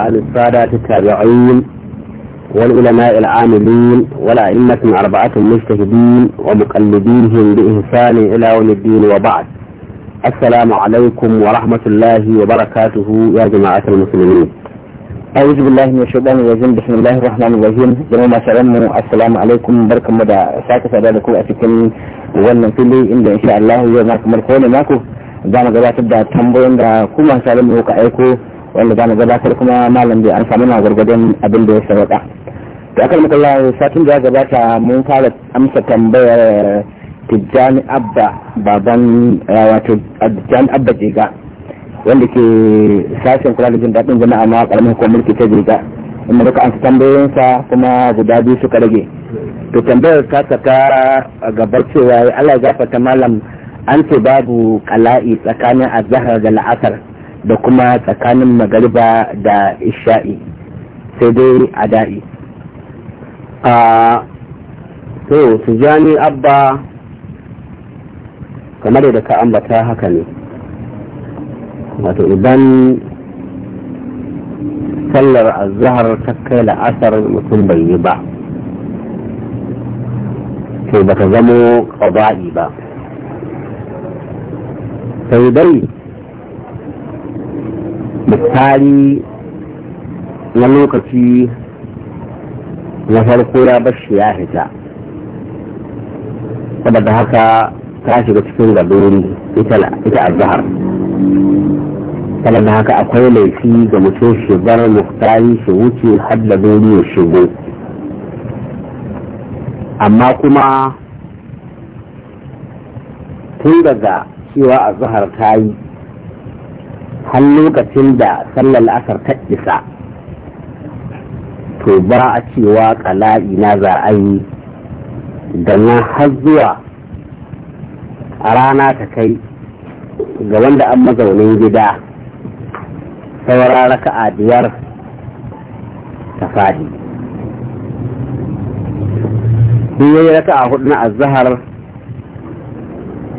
عن السادة التابعين والعلماء العاملين والأئمة الأربعة المجتهدين ومقلدينهم بإحسان إلى يوم الدين وبعد السلام عليكم ورحمة الله وبركاته يا جماعة المسلمين أعوذ بالله من الشيطان الرجيم بسم الله الرحمن الرحيم جماعة سلام السلام عليكم بركم مدى ساكة سأدادكم أتكلم wannan fili inda insha Allah yau na kamar kowane mako za mu gabatar da tambayoyin da kuma salim ka aiko wanda za mu gabatar kuma malam bai an samu na gwargwadon abin da ya sarrafa da aka muka satin da ya gabata mun fara amsa tambayar tijjani abba baban eh, wato tijjani abba jiga wanda ke sashen kula da jin daɗin jama'a na ƙaramin hukumar mulki ta jiga inda muka amsa tambayoyinsa kuma guda biyu suka rage to tambayar ta saka gabar cewa Allah ya gafarta malam an ce babu kala'i tsakanin azahar da la'asar da kuma tsakanin magariba da isha'i sai dai a da'i a to tijani abba kamar da ka ambata haka ne wato idan sallar azhar ta kai la'asar mutum bai yi ba to baka zamo ƙaba'i ba sai dai misali na lokaci na farko ya bashi ya fita saboda haka ta shiga cikin gadori ita a zahar saboda haka akwai laifi ga mutum shi bar muftari shi wuce har da dori ya shigo amma kuma tun daga cewa a zahar ta yi har lokacin da sallar la'asar ta isa to ba a cewa kala'i na za da na har zuwa a rana ta kai ga wanda an mazaunin gida saura raka'a biyar ta fahi ya yi raka'a hudu na azahar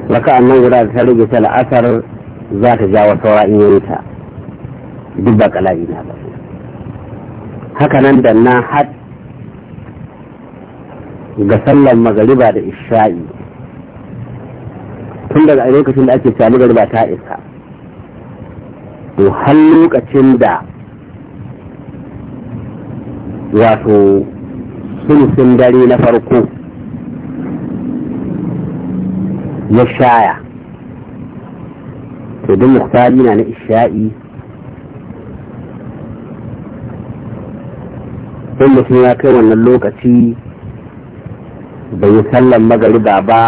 raka'a nan guda ta rage ta la'asar za ta jawo saura in yi ta duk ba kalabi na ba haka nan da na had ga sallar magariba da isha'i tun daga lokacin da ake sami magariba ta iska, to har lokacin da wato sulusin dare na farko ya shaya to duk muktari na na isha'i in mutum ya kai wannan lokaci bai yi sallan magariba ba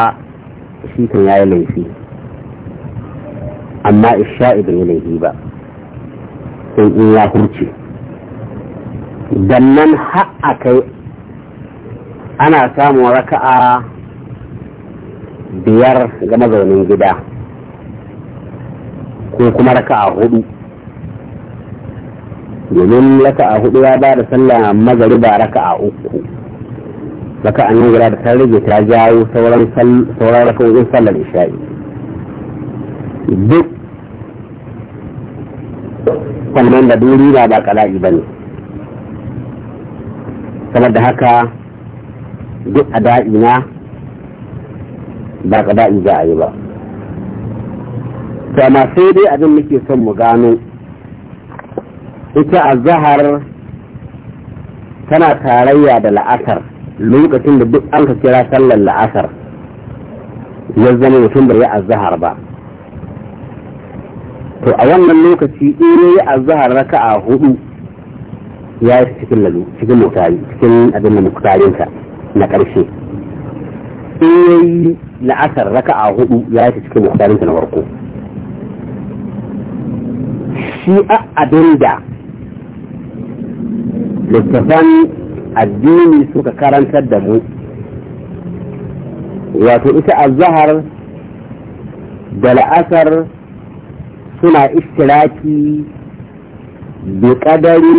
shi kan ya yi laifi amma isha'i bai yi laifi ba sun in ya hurce dannan nan ha'a kai ana samun raka'a biyar ga mazaunin gida ko kuma raka'a hudu domin a hudu ya ba da sallah raka a uku raka'a nan guda da ta rage ta jawo sauran raka raka'o'in sallar isha'i duk kwanan da duri ba ba kala'i saboda haka duk a da'ina ba kala'i za a yi ba sama sai dai abin muke son mu gano ita azahar tana tarayya da la'asar lokacin da duk an ka kira sallar la'asar ya zama mutum bai yi azahar ba to a wannan lokaci in yi azahar raka a hudu ya yi cikin lalu cikin mutari cikin abin da mutarinka na ƙarshe in yi la'asar raka a hudu ya yi cikin mutarinka na farko shi abin da littafan addini suka karantar da mu wato ita azahar da la'asar suna istiraki bi kadari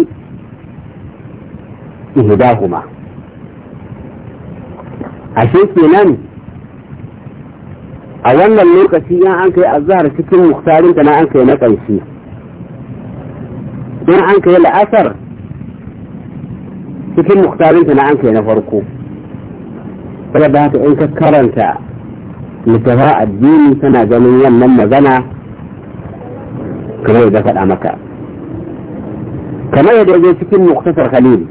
ihdahuma ashe kenan a wannan lokaci in an kai azahar cikin muktarinta na an kai na ƙarshe دنعان كي الأثر في كل مختارين تنعان كي نفركو ولا بات إنك كرنتا لتفاء الدين سنة جميعا لما زنا كما يدفع الأمكا كما يدعي في كل مختصر خليل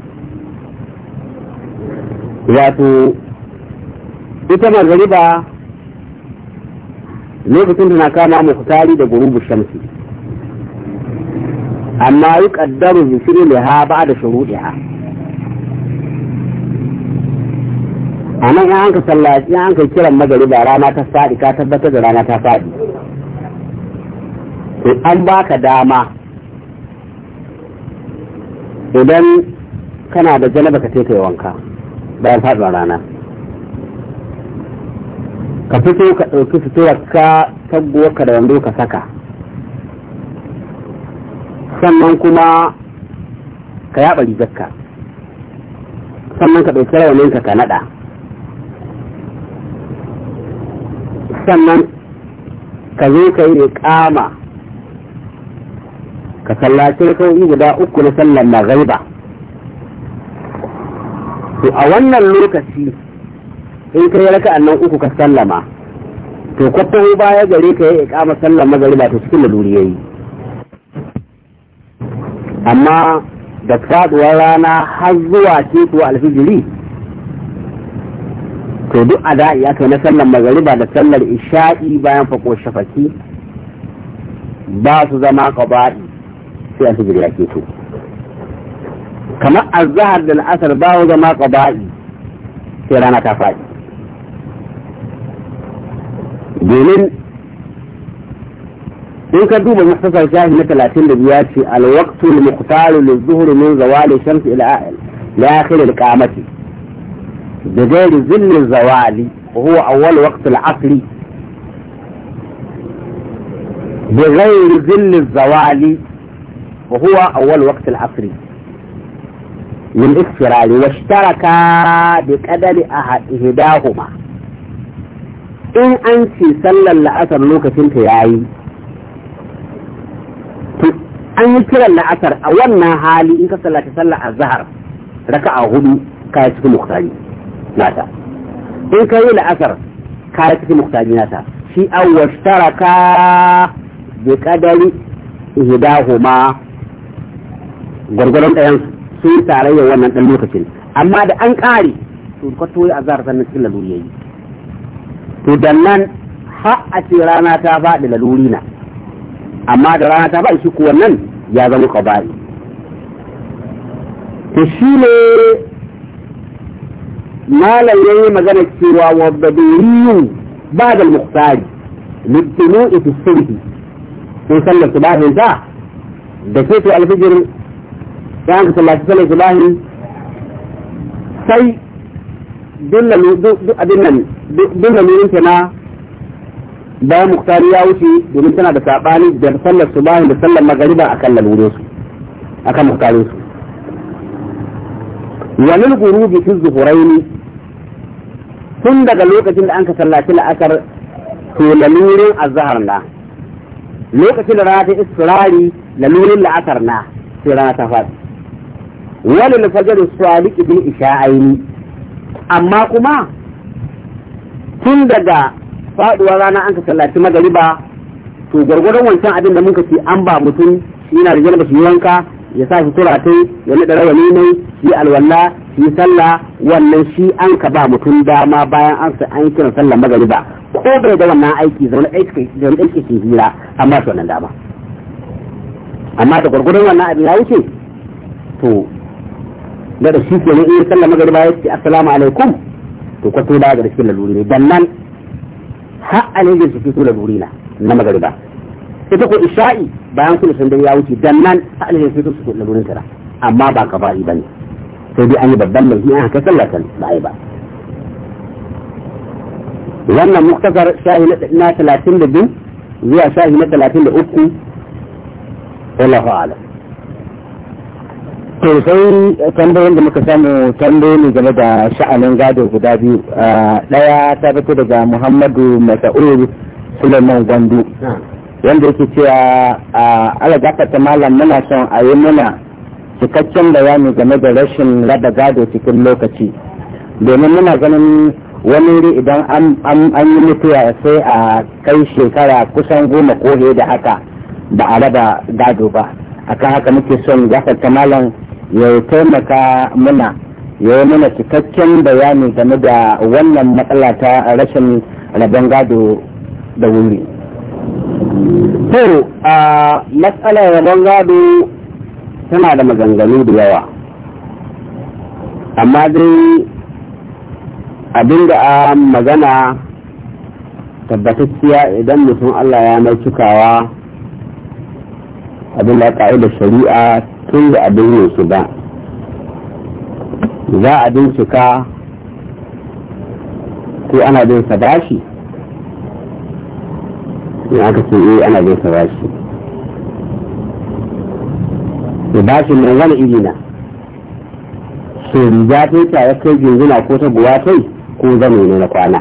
ذاتو إتما الغريبة ليه كنتنا كان مختاري ده غروب الشمسي amma yi ƙaddaru zikiri da ha ba da shuruɗi ha a nan ya hanka sallaci ya hanka kiran magariba rana ta faɗi ka tabbatar da rana ta faɗi to an baka dama idan kana da janaba ka teka wanka bayan faɗuwar rana ka fito ka ɗauki suturar ka taguwar ka da wando ka saka sannan kuma ka yaɓa rizakka sannan ka ɗauki rawanin ka naɗa sannan ka zo ka yi ƙama ka sallace sau'i guda uku na sallan magariba to a wannan lokaci in ka yi raka'an nan uku ka sallama to kwatahu baya gare ka yi ƙama sallan magariba to cikin laluri ya yi amma da faduwar rana har zuwa teku alfijiri to duk a da'i aka na sallar magariba da sallar isha'i bayan fako shafaki ba su zama kabaɗi sai alfijiri ya keto kamar azahar da la'asar ba su zama kabaɗi sai rana ta faɗi domin إن كان دوما يحتفل كاهن مثل أتين في الوقت المقتال للظهر من زوال الشمس إلى لآخر القامة بغير ظل الزوال وهو أول وقت العصر بغير ظل الزوال وهو أول وقت العصر من إسرائيل واشتركا بقدر إهداهما إن أنت سلل لأثر لوكة تنتهي an yi kiran la'asar a wannan hali in ka sallata sallah a zahar raka a hudu ka yi cikin muktari nata in ka yi la'asar ka yi cikin muktari nata shi an washtara ka bi kadari ihdahuma gwargwaron ɗayan sun tarayya wannan ɗan lokacin amma da an ƙare to ka toye a zahar sannan cikin laluri yayi to dan nan har a ce rana ta faɗi laluri na amma da rana ta faɗi shi kuwa nan ya zama kabari to shi ne malam ya yi magana cewa wa badiriyun ba da muktari littinu ita sulhi sun sallar su bahin ta da ke to alfijir ya hanka sallaci sallar su bahin sai duk abin nan na bayan muktar ya wuce domin tana da saɓani da sallar su bayan da sallar magariba a kan lalurin su a kan muktarin su walil gurubi fi zuhuraini tun daga lokacin da an ka sallaci la'asar to lalurin azhar na lokacin da rana ta istirari lalurin la'asar na sai rana ta faɗi walil fajr sadiq bil isha'aini amma kuma tun daga faduwa rana an ka sallaci magariba to gwargwadon wancan abin da muka ce an ba mutum yana da su yi wanka ya sa shi tura tai ya nada rawa ne shi alwala shi sallah wannan shi an ka ba mutum dama bayan an an kira sallar magariba ko bai da wannan aiki zaune aiki zaune ke hira amma su wannan dama amma da gwargwadon wannan abin ya wuce to da da shi ke ne in sallar magariba ya ce assalamu alaikum to kwato da ga cikin laluri ne dan nan har a ne su fito da burina na magariba ita ko isha'i bayan kula sun ya wuce dan nan har ne su fito da burin tara amma ba ka ba bane sai dai an yi babban mai an ka sallatan ba ai ba wannan muktasar shahi na 32 zuwa shahi na 33 wallahu a'lam to sai da muka samu tambayoyi ne game da sha'anin gado guda biyu daya ta fito daga muhammadu masa'ur suleiman gwandu wanda yake cewa a ala malam muna son a yi muna cikakken bayani game da rashin rada gado cikin lokaci domin muna ganin wani ri idan an yi mutuwa sai a kai shekara kusan goma ko da haka ba a raba gado ba akan haka muke son gafarta malam ya taimaka muna ya yi mana cikakken bayani game da wannan matsala ta rashin rabon gado da wuri to a matsalar rabon gado tana da maganganu da yawa amma dai abin da a magana tabbatacciya idan mutum allah ya mai cikawa abin da da shari'a tun da abin su ba za a bincika ko ana bin sa bashi in aka ce eh ana bin sa bashi da bashi mai wani iri na so riga ta ta tare kai gingina ko ta buwa kai ko zama ne na kwana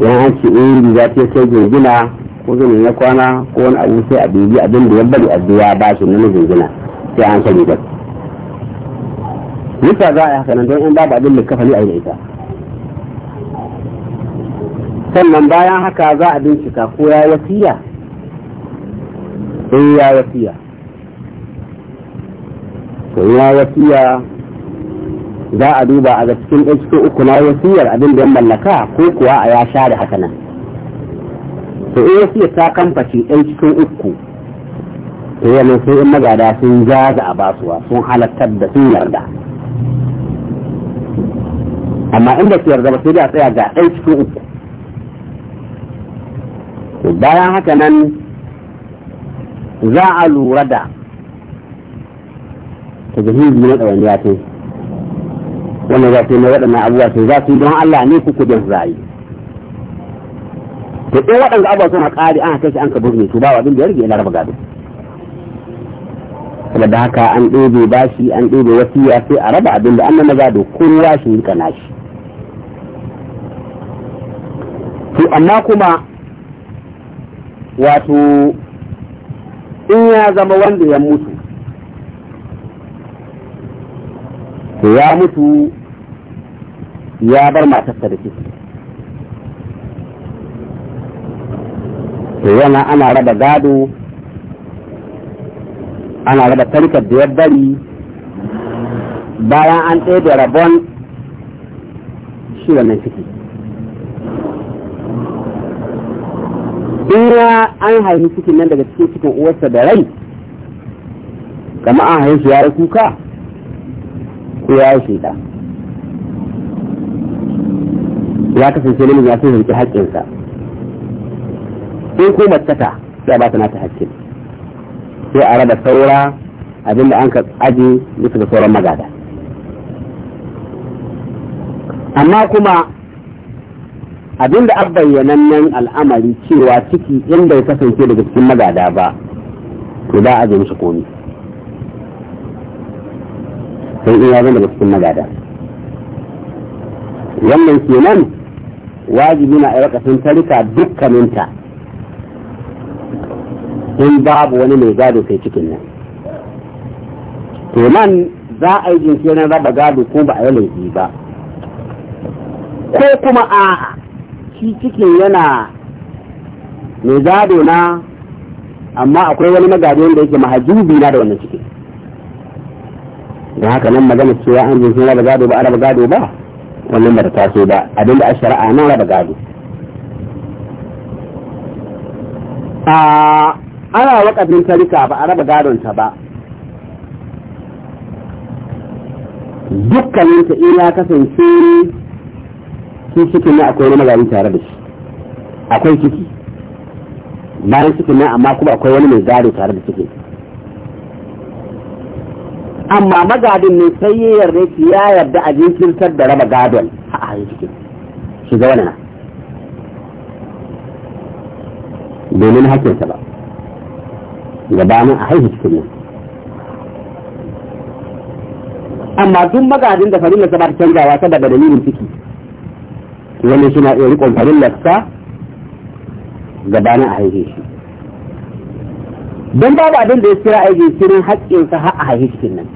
yan an ce eh riga ta kai gingina ko zai ya kwana ko wani abu sai a bibi abin da ya bari a biya ba shi na mijingina sai an sani ba nufa za a yi haka nan don in babu abin da kafa ne a yi da ita sannan bayan haka za a bincika ko ya yi wasiya in ya wasiya to ya wasiya za a duba a ga cikin ɗan cikin uku na wasiyar abin da ya mallaka ko kuwa a ya share haka nan to in wasu ta kamfaci ɗan cikin uku to yana sai in magada sun jaza a basuwa sun halattar da sun yarda amma inda su yarda ba sai da tsaya ga ɗan cikin uku to bayan haka nan za a lura da ta jahili na ɗawani ya ce wannan za su yi na waɗannan abubuwa sai za su yi don Allah ne kuku da su to in waɗanda abuwa suna ƙari an kai shi an ka burne su ba abin da ya rage laraba gado saboda haka an ɗebe bashi an ɗebe ya sai a raba abin da an na gado kowa shi rika nashi to amma kuma wato in ya zama wanda ya mutu to ya mutu ya bar matarsa da ciki to yana ana raba gado ana raba tarkar da ya bari bayan an da rabon shi wannan ciki in an haihu cikin nan daga cikin cikin uwarsa da rai kama an haihu su ya kuka ko ya yi shaida ya kasance ne ya fi rike haƙƙinsa in ko mace ta sai ba ta nata hakki sai a raba saura abinda an ka aji bisa da sauran magada amma kuma abinda an nan al'amari cewa ciki inda ya kasance daga cikin magada ba to za a aje mishi komi sai in ya daga cikin magada wannan kenan wajibi na a rakasin tarika dukkaninta in babu wani mai gado kai cikin nan to nan za a yi jinkirin raba gado ko ba a yi laifi ba ko kuma a shi cikin yana mai gado na amma akwai wani magado da yake mahajubi na da wannan cikin da haka nan magana cewa an jinkirin raba gado ba a raba gado ba wannan ba ta taso ba abinda a shari'a nan raba gado ana wakafin tarika ba a raba gadonta ba dukkaninta ta iya kasance shi cikin ne akwai wani magani tare da shi akwai ciki bayan cikin ne amma kuma akwai wani mai gado tare da cikin amma magadin ne sai ya yarda shi ya yarda a jinkirtar da raba gadon a ayi cikin su wani na domin hakkinsa ba gabanin a haihu cikin nan amma duk magajin da farillar ba ta canzawa saboda dalilin ciki wani suna iya rikon farillar sa gabanin a haihu shi don babu abin da ya kira aiki cikin haƙƙinsa ha a haihu cikin nan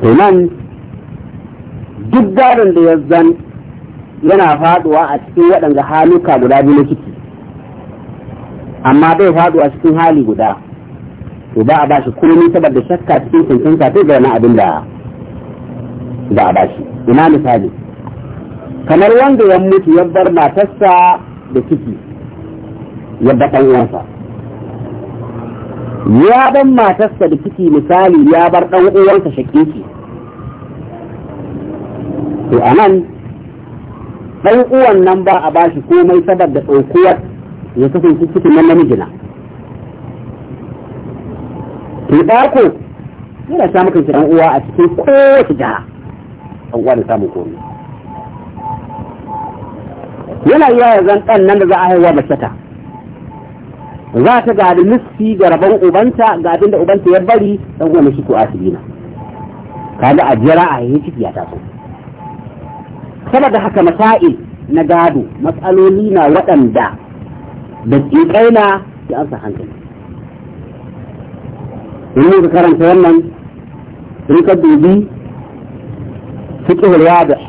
to nan duk garin da ya zan yana faduwa a cikin waɗanda haluka guda biyu na ciki amma bai faduwa cikin hali guda to ba a ba shi komai saboda shakka cikin cancanta sai ga wani abin da ba a ba shi ina misali kamar wanda ya mutu ya bar matarsa da ciki ya ba ɗan uwansa ya bar matarsa da ciki misali ya bar ɗan uwansa shakki to anan dan uwan nan ba a bashi komai saboda ɗaukuwar ya kasance cikin nan namiji na tuɗa ko yana sa mukan kiran uwa a cikin kowace jiha an uwa da samun komai yana yi ya zan ɗan nan da za a haihuwa mace ta za ta da nufi ga rabon ubanta ga abinda ubanta ya bari dan uwa mashi ko asibina kaga a jira a yi ciki ya taso saboda haka masa'il na gado matsaloli na waɗanda da tsikai na ki ansa hankali domin ka karanta wannan in ka dubi fiqhul wadih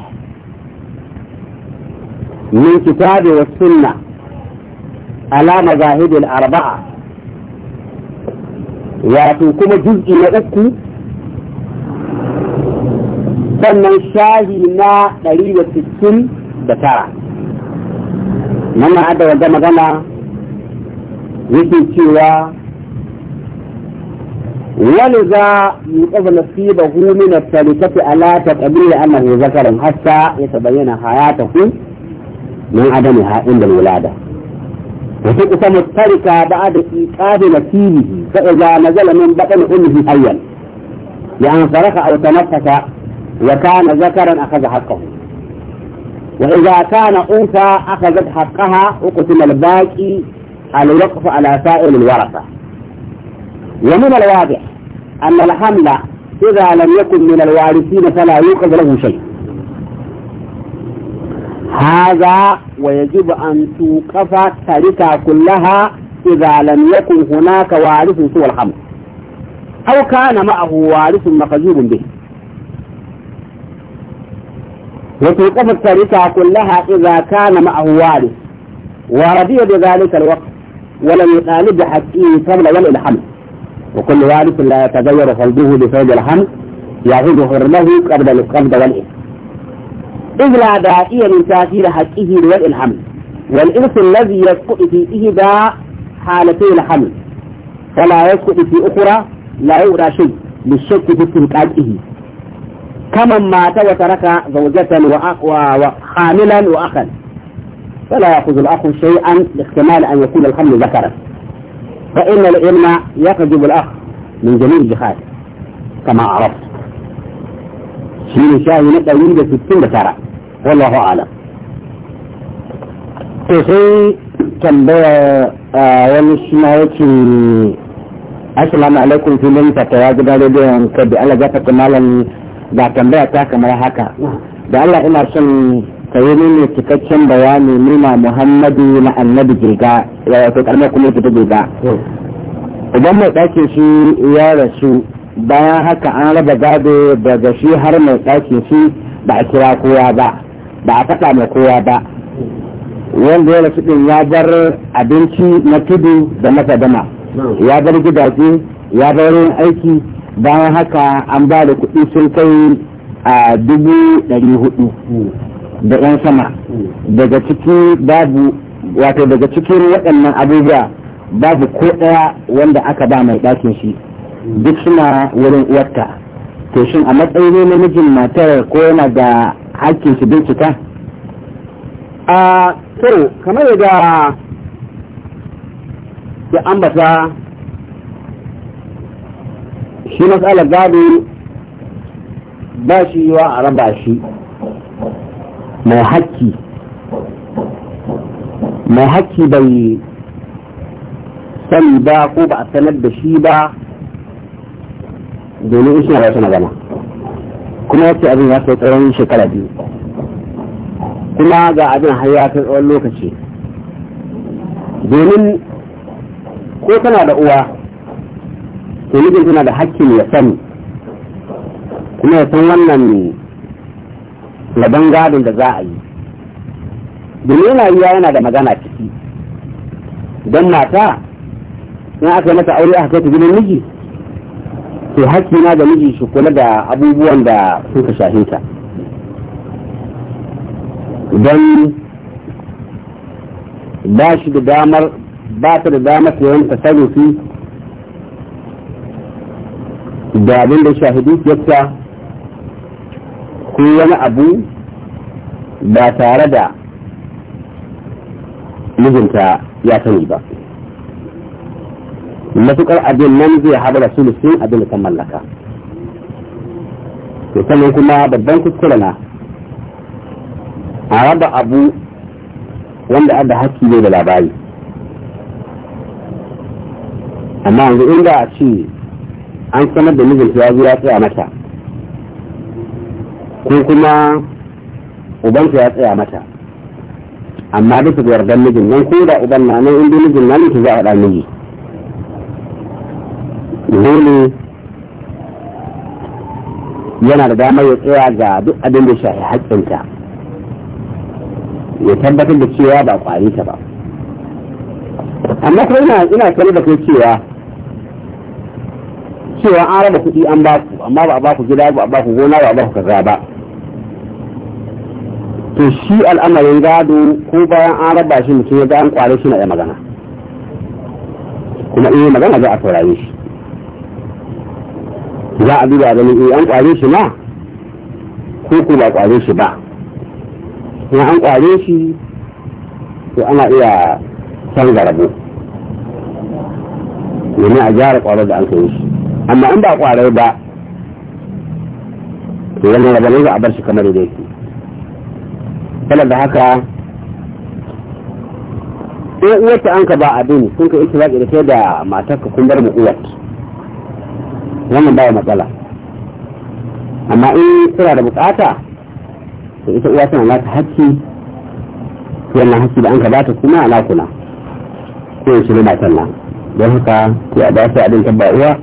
min kitabi was sunna ala mazahib al arba'a wato kuma juz'i na uku sannan shahi na ɗari da sittin da tara nan na da wanda magana yake cewa wani za yi ƙafa nasiba humina talikafi ala ta ƙabila annahu zakarin hatta ya tabayyana hayata ku من عدم عند الولادة وتقسم التركة بعد إيقاظ نسيبه فإذا نزل من بطن أمه حيا لأن صرخ أو تنفس وكان ذكرا أخذ حقه وإذا كان أنثى أخذت حقها أقسم الباقي الوقف على سائر الورثة ومن الواضح أن الحمل إذا لم يكن من الوارثين فلا يوقف له شيء هذا ويجب أن توقف تركة كلها إذا لم يكن هناك وارث سوى الحمل أو كان معه وارث مخزوب به وفي وتوقف التركة كلها إذا كان معه والد ورضي بذلك الوقت ولم يطالب بحقه قبل ولا الحمل وكل والد لا يتغير قلبه لفعل الحمل يعود حرمه قبل القبض والإثم إذ لا داعي من تأثير حقه لوضع الحمل والإنس الذي يسقط في إحدى حالتي الحمل فلا يسقط في أخرى لا يورى شيء للشك في استنقاذه كمن مات وترك زوجة وخاملا وأخا فلا يأخذ الأخ شيئا لاحتمال أن يكون الحمل ذكرا فإن العلم يقذب الأخ من جميع الجهات كما عرفت شين شاهي نبدأ يوجد ستين ترى والله أعلم sai tambaya a wani shina yake assalamu alaikum filin fatawa gidan rediyon kabi ala gafa malam ba tambaya ta kamar haka da Allah ina son ka yi mini cikakken bayani nuna Muhammadu na annabi jirga wato karamar kuma ta jirga idan mai ɗakin shi ya rasu bayan haka an raba gado daga shi har mai ɗakin shi ba a kira kowa ba ba a faɗa mai kowa ba wanda ya rasu ɗin ya bar abinci na tudu da dama ya bar gidaje ya bar yin aiki bayan haka an ba da kuɗi sun kai a dubu ɗari hudu da ɗan sama daga ciki babu wato daga cikin waɗannan abubuwa babu ko ɗaya wanda aka ba mai ɗakin shi duk suna wurin uwarta to shin a matsayin na mijin matar ko yana da hakkin su bincika a to kamar da ya ambata shi matsalar gado ba shi yiwa a raba shi mai haƙƙi mai haƙƙi bai sani ba ko ba a sanar da shi ba domin ishe na magana kuma yace abin ya kai tsawon shekara biyu kuma ga abin har ya kai tsawon lokaci domin ko tana da uwa to mijin da hakkin ya sani kuma ya san wannan ne laban gadon da za a yi domin yana yana da magana ciki don mata in aka yi mata aure aka kai ta gidan miji to hakki na da miji shi kula da abubuwan da suka ta don ba shi da damar ba ta da damar ta yanka sarrafi da abin da shahidu yadda ko wani abu ba tare da mijinta ya sani ba matukar abin nan zai haɗa da sulusin abin da ta mallaka to sannan kuma babban kuskure na a raba abu wanda adda haƙƙi ne da labari amma yanzu inda a ce an sanar da mijinta ya zo ya tsaya mata ko kuma ubanta ya tsaya mata amma duk da yardan mijin nan ko da uban na nan inda mijin nan za a da miji dole yana da damar ya tsaya ga duk abin da shafi haƙƙinta ya tabbatar da cewa ba ƙwari ta ba amma kuma ina sanar da kai cewa cewa an raba kuɗi an ba ku amma ba a ba ku gida ba a ba ku gona ba a ba ku kaza ba to shi al'amarin gado ko bayan an raba shi mutum ya ga an kware shi na ya magana kuma in magana za a saurare shi za a duba ganin in eh, an kware shi ma ko ko ba kware shi ba in an kware shi to ana iya canza rabo domin a gyara kwarar da an kai shi amma in ba kwarai ba to wannan rabanin za a bar shi kamar da yake da haka in uwarta an ka ba abin sun ka ita zaki da ke da matarka kun bar mu uwarta wannan ba matsala amma in suna da bukata to ita uwa tana nata hakki wannan hakki da an ka bata kuma alakuna ko shi ne matan nan don haka ko a ba su abin tabba uwa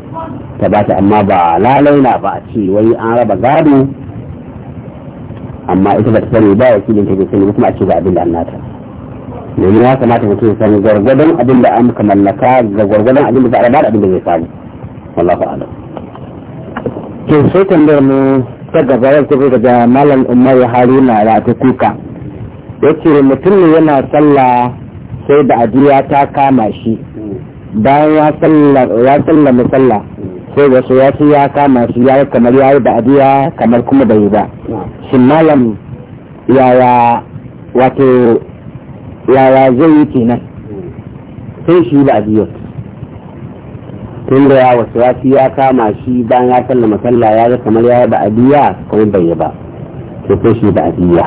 ta ba ta amma ba lalai na ba a ce wai an raba gado amma ita ba ta sani ba wakilin ta bai sani ba kuma a ce ga abin da an nata domin ya kamata mutum ya san gwargwadon abin da an mallaka ga gwargwadon abin da za a raba da abin da zai samu wallahu a'lam to sai tambayar mu ta gaba yau tafi daga malam umar haruna da ta kuka ya ce mutum ne yana sallah sai da ajiya ta kama shi bayan ya sallah ya sallah sai wasu ya ce ya kama su ya kamar ya yi ba'adiya kamar kuma bai yi ba shin malam yaya wato yaya zai yi kenan sai shi ba'adiya tun da ya wasu ya ya kama shi bayan ya kalla masalla ya ga kamar ya yi ba'adiya kuma bai yi ba to sai shi ba'adiya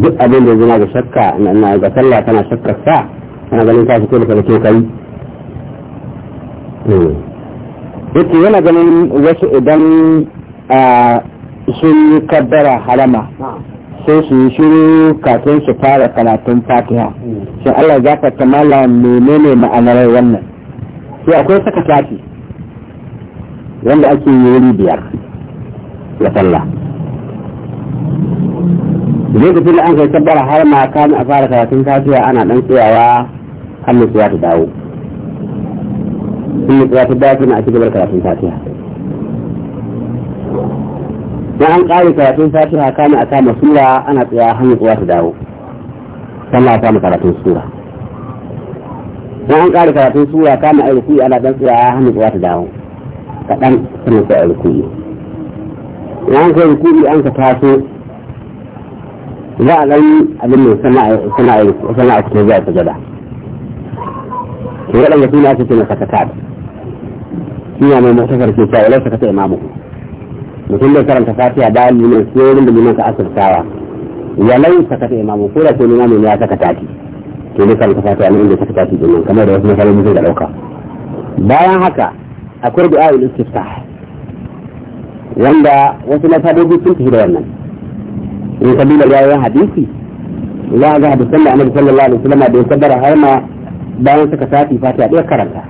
duk abin da zama ga shakka na ga sallah tana shakka sa tana ganin ta ko da kai hmm. yake yana ganin wasu idan sun yi kabbara harama sai su yi shiru kafin su fara karatun fatiha shi Allah za ka tamala menene ma'anar wannan sai akwai saka shafi wanda ake yi wuri biyar ya sallah lokacin da an kai kabbara harama kafin a fara karatun fatiha ana dan tsayawa hannu su ya dawo sun yi karatu baki na a ci gabar karatun fatiha dan an ƙare karatun fatiha kana a kama sura ana tsaya hannu kuwa ta dawo sallah a kama karatun sura dan an ƙare karatun sura kana a rukuni ana dan tsaya hannu kuwa ta dawo kaɗan sannan sai a rukuni dan an kai rukuni an ka taso za a ɗan abin sana'a sana'a sana'a waɗanda ake shine mai mutakar ke sa laisa kata imamu mutum da karanta fatiha bayan liman sai wurin da nuna ka asirtawa ya laisa kata imamu ko da ke mai ya saka taki to ne karanta fatiha ne inda saka taki din kamar da wasu misalai mutum da dauka bayan haka akwai da ul istiftah wanda wasu masadoji sun tafi da wannan in kabila yayin hadisi za a ga hadisan da annabi sallallahu alaihi wasallam da ya kaddara har ma bayan suka sati fatiha ɗaya karanta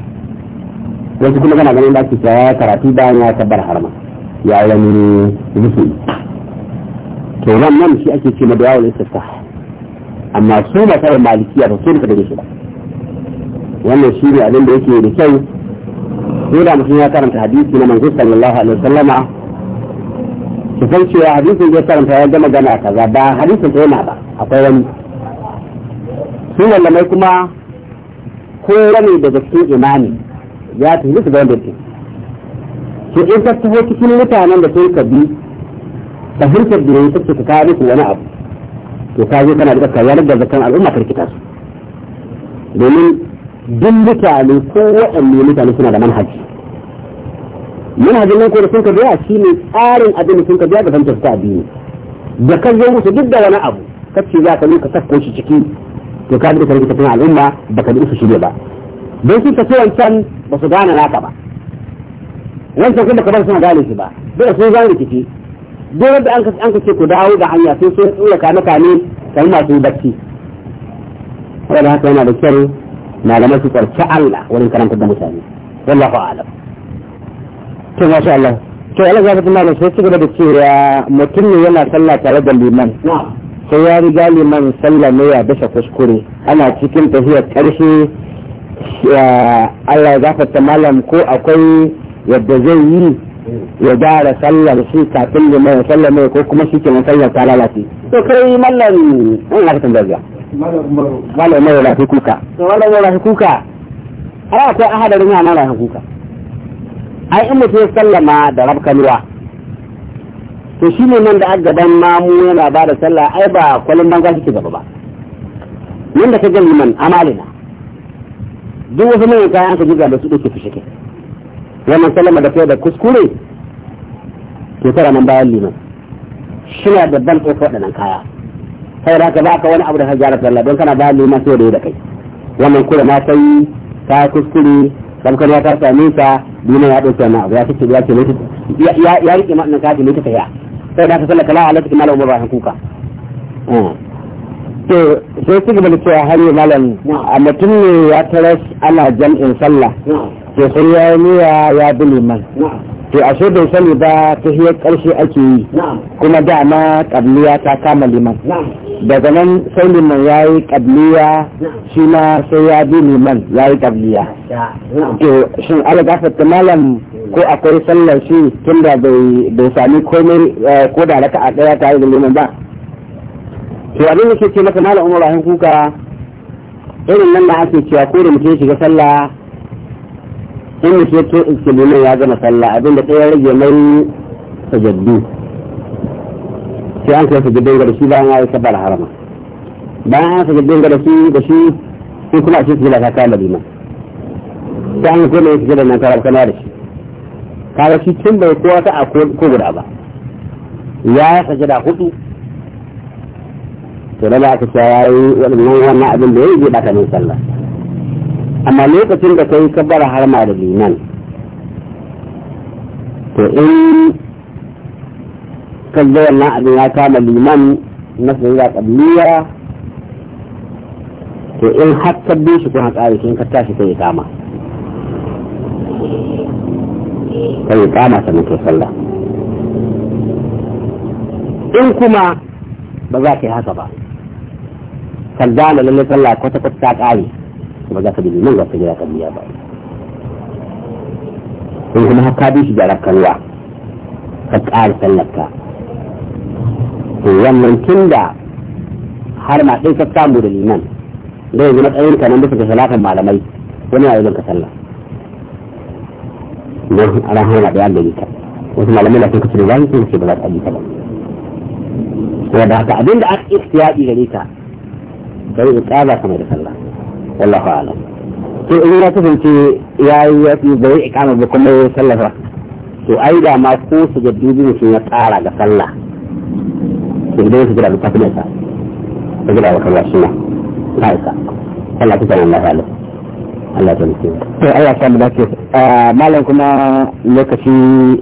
wasu kuma kana ganin da ake cewa karatu bayan ya tabbar harma ya yi wani rufi to nan nan shi ake ce madawa wani sassa amma su ba kawai malikiya ba ka da shi ba wannan shi ne abin da yake da kyau ko da mutum ya karanta hadisi na manzo sallallahu alaihi wasallama ki san cewa hadisin zai karanta ya gama gana kaza ba hadisin ta yana ba akwai wani su wanda mai kuma kowane daga cikin imani ya tafi su ga wanda yake to in ka taho cikin mutanen da sun ka bi fahimtar da yayi take ka kawo muku wani abu to ka zo kana da kariya da zakan al'umma karkita su domin duk mutane ko waɗanne mutane suna da manhaji manhajin nan ko da sun ka biya shi ne tsarin abin da sun ka biya da fahimtar ta biyu da kan zo musu duk da wani abu kacce za ka nuka sako shi ciki to ka bi da karkita al'umma ba ka bi su shirya ba don sun tafi wancan ba su gane naka ba wancan kuma kamar suna gane shi ba dole sun zan rikici dole da an ka ce ku dawo ga hanya sai sun tsura kane kane kai masu bacci wanda haka yana da na da su tsarki Allah wurin karanta da mutane wallahu a'lam to masha Allah to Allah ya fata malam sai cigaba da cewa mutum ne yana sallah tare da liman sai ya riga liman sallah ne ya dasa kuskure ana cikin tafiyar karshe Allah ya zafata malam ko akwai yadda zai yi ya gyara sallar shi kafin da mai sallar mai ko kuma shi ke nan sallar ta lalace to kai mallam in ka tambaya malam mai lafi kuka to malam mai lafi kuka har akwai ahadarin yana lafi kuka ai in mutum ya sallama da rabkan ruwa to shi ne nan da aka gaban mamu yana ba da sallah ai ba kwalin banza shi ke gaba ba nan da ka gani man amalina duk wasu manyan kayan aka jirga da su ɗauke su shike yamma salama da kai da kuskure ke tara nan bayan liman shina da ban ɗauka waɗannan kaya saboda haka ba ka wani abu da ka gyara sallah don kana bayan liman sai da yi da kai yamma kura na kai ta kuskure kamkar ya karta nisa duna ya ɗauke na abu ya ce ya ce ya riƙe ma'anin kaji ne ta tafiya saboda haka sallah kala ala kuma malamu ba kuka. Eh. to sai su gaba da cewa hanyar malam a mutum ne ya taras ana jam'in sallah ke sun ya niyya ya bi liman to a bai sani ba ta hiyar karshe ake yi kuma dama kabliya ta kama liman daga nan sai liman ya yi kabliya shi ma sai ya bi liman ya yi kabliya to shin ala ta malam ko akwai sallar shi tun da bai sami komai eh, ko da raka a daya tare da liman ba to abin da ke ce maka malam umar rahim kuka irin nan da ake cewa ko da mutum shiga sallah in mutum ya to neman ya gama sallah abin da ɗaya rage mai sajaddu sai an kai sajaddun ga shi bayan ya yi sabar harama bayan an sajaddun ga shi da shi sai kuma a ce sujada ta kama liman sai an kai mai sujada nan karar kana da shi kaga shi tun bai kowa ta a ko guda ba ya sajada hudu to da aka cewa yi wannan wannan abin da yi zai baka min sallah amma lokacin da kai kabbara ma da liman to in kalle wannan abin ya kama liman na ya qabliya to in har ka bi shi kuma tsari sun ka tashi kai kama kai kama sanin to sallah in kuma ba za ka yi haka ba da lalle sallah kwata kwata ta kare kuma za ka bi nan wata gida jira kan biya ba in kuma haka bi shi da rakarwa ka kare sallar ka to wannan tunda har ma dai ka samu da liman da yanzu matsayin ka nan bisa ga salatan malamai wani ya yi ka sallah nan ana hana da yadda yake wasu malamai da sun kace da zai sun ce ba za ta yi ta ba Wadda haka abinda aka ikhtiyari gare ka bai kaza kuma da sallah wallahu a'lam to in ya kasance yayi ya fi bai iqama ba kuma ya sallah to ai da ma ko su ga dubi ne ya tsara ga sallah to dai su ga kafin sa ta ga da sallah sunna ta isa Allah ta tsara Allah a'lam Allah ta nufi to Allah ta mu dace malam kuma lokaci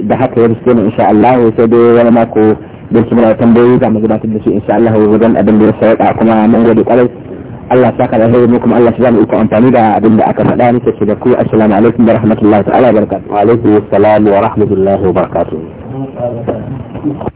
da haka ya riske mu insha Allah sai dai wani mako da su muna tambayoyi ga mu gabatar da su insha Allah wajen abin da ya sauka kuma mun gode kwarai Allah saka da alheri kuma Allah shi zamu iko amfani da abin da aka faɗa nake ce da ku assalamu alaikum wa rahmatullahi ta'ala wa barakatuh wa alaikum assalam wa rahmatullahi wa barakatuh